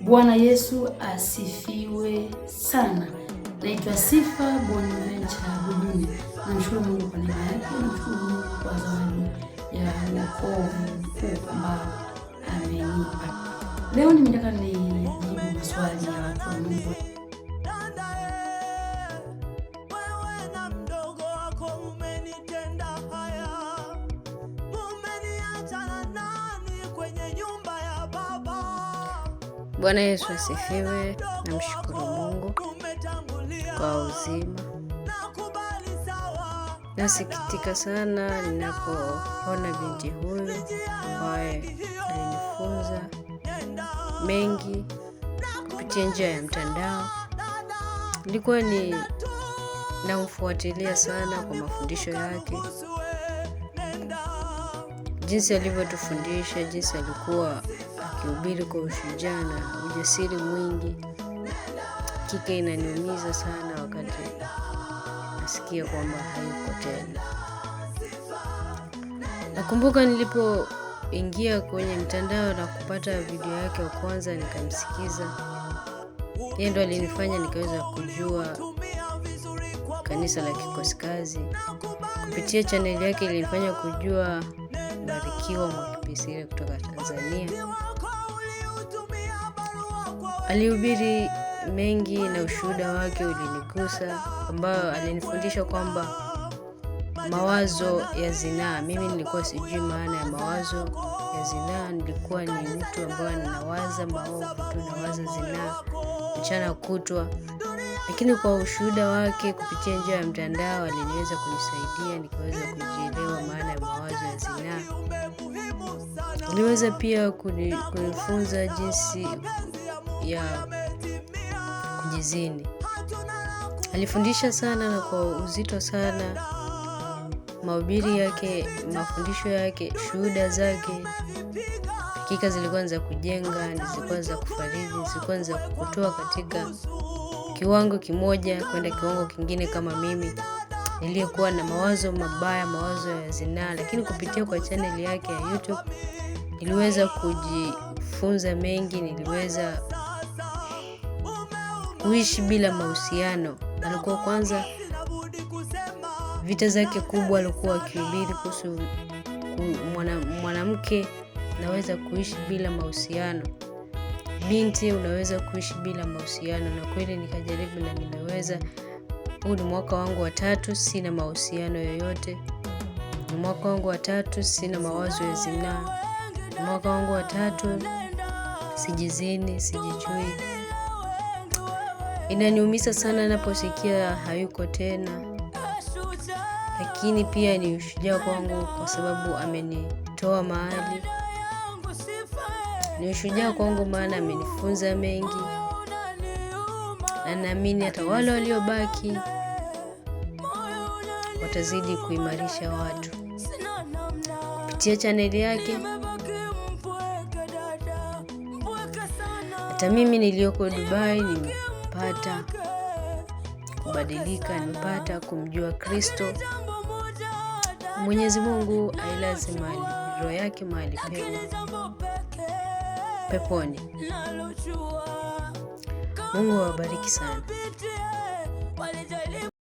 Bwana Yesu asifiwe sana. Naitwa Sifa Bonaventura Budune. Namshukuru Mungu kwa neema yake, namshukuru Mungu kwa zawadi ya wokovu mkuu ambao amenipa. Leo nimetaka nijibu maswali ya watu wa Mungu. Bwana Yesu asifiwe. Namshukuru Mungu kwa uzima. Nasikitika sana ninapoona binti huyu ambaye alinifunza mengi kupitia njia ya mtandao. Nilikuwa ni namfuatilia sana kwa mafundisho yake, jinsi alivyotufundisha, jinsi alikuwa akihubiri kwa ushujaa na ujasiri mwingi. Kike inaniumiza sana wakati nasikia kwamba hayuko tena. Nakumbuka nilipoingia kwenye mtandao na kupata video yake wa kwanza nikamsikiza. Yeye ndo alinifanya nikaweza kujua kanisa la Kikosikazi. Kupitia chaneli yake ilinifanya kujua Mbarikiwa Mwakipisile kutoka Tanzania. Alihubiri mengi na ushuhuda wake ulinigusa, ambayo alinifundisha kwamba mawazo ya zinaa. Mimi nilikuwa sijui maana ya mawazo ya zinaa, nilikuwa ni mtu ambaye ninawaza maovu tu, nawaza zinaa mchana kutwa. Lakini kwa ushuhuda wake kupitia njia ya mtandao aliniweza kunisaidia nikaweza kujielewa maana ya mawazo ya zinaa. Aliweza pia kunifunza jinsi ya kujizini. Alifundisha sana na kwa uzito sana. Mahubiri yake, mafundisho yake, shuhuda zake hakika zilikuwa za kujenga, zilikuwa za kufariji, zilikuwa za kutoa katika kiwango kimoja kwenda kiwango kingine, kama mimi niliyekuwa na mawazo mabaya, mawazo ya zinaa, lakini kupitia kwa chaneli yake ya YouTube niliweza kujifunza mengi, niliweza kuishi bila mahusiano. Alikuwa kwanza vita zake kubwa alikuwa akihubiri kuhusu mwanamke, naweza kuishi bila mahusiano, binti, unaweza kuishi bila mahusiano. Na kweli nikajaribu na nimeweza. Huu ni mwaka wangu wa tatu, sina mahusiano yoyote. Ni mwaka wangu wa tatu, sina mawazo ya zinaa. Ni mwaka wangu wa tatu, sijizini, sijichui. Inaniumisa sana naposikia hayuko tena, lakini pia ni ushujaa kwangu kwa sababu amenitoa mahali. Ni ushujaa kwangu maana amenifunza mengi, na naamini hata wale waliobaki watazidi kuimarisha watu kupitia chaneli yake. Hata mimi niliyoko Dubai nimepata kubadilika, nimepata kumjua Kristo. Mwenyezi Mungu ailaze mali roho yake mahali pema peponi. Mungu awabariki sana.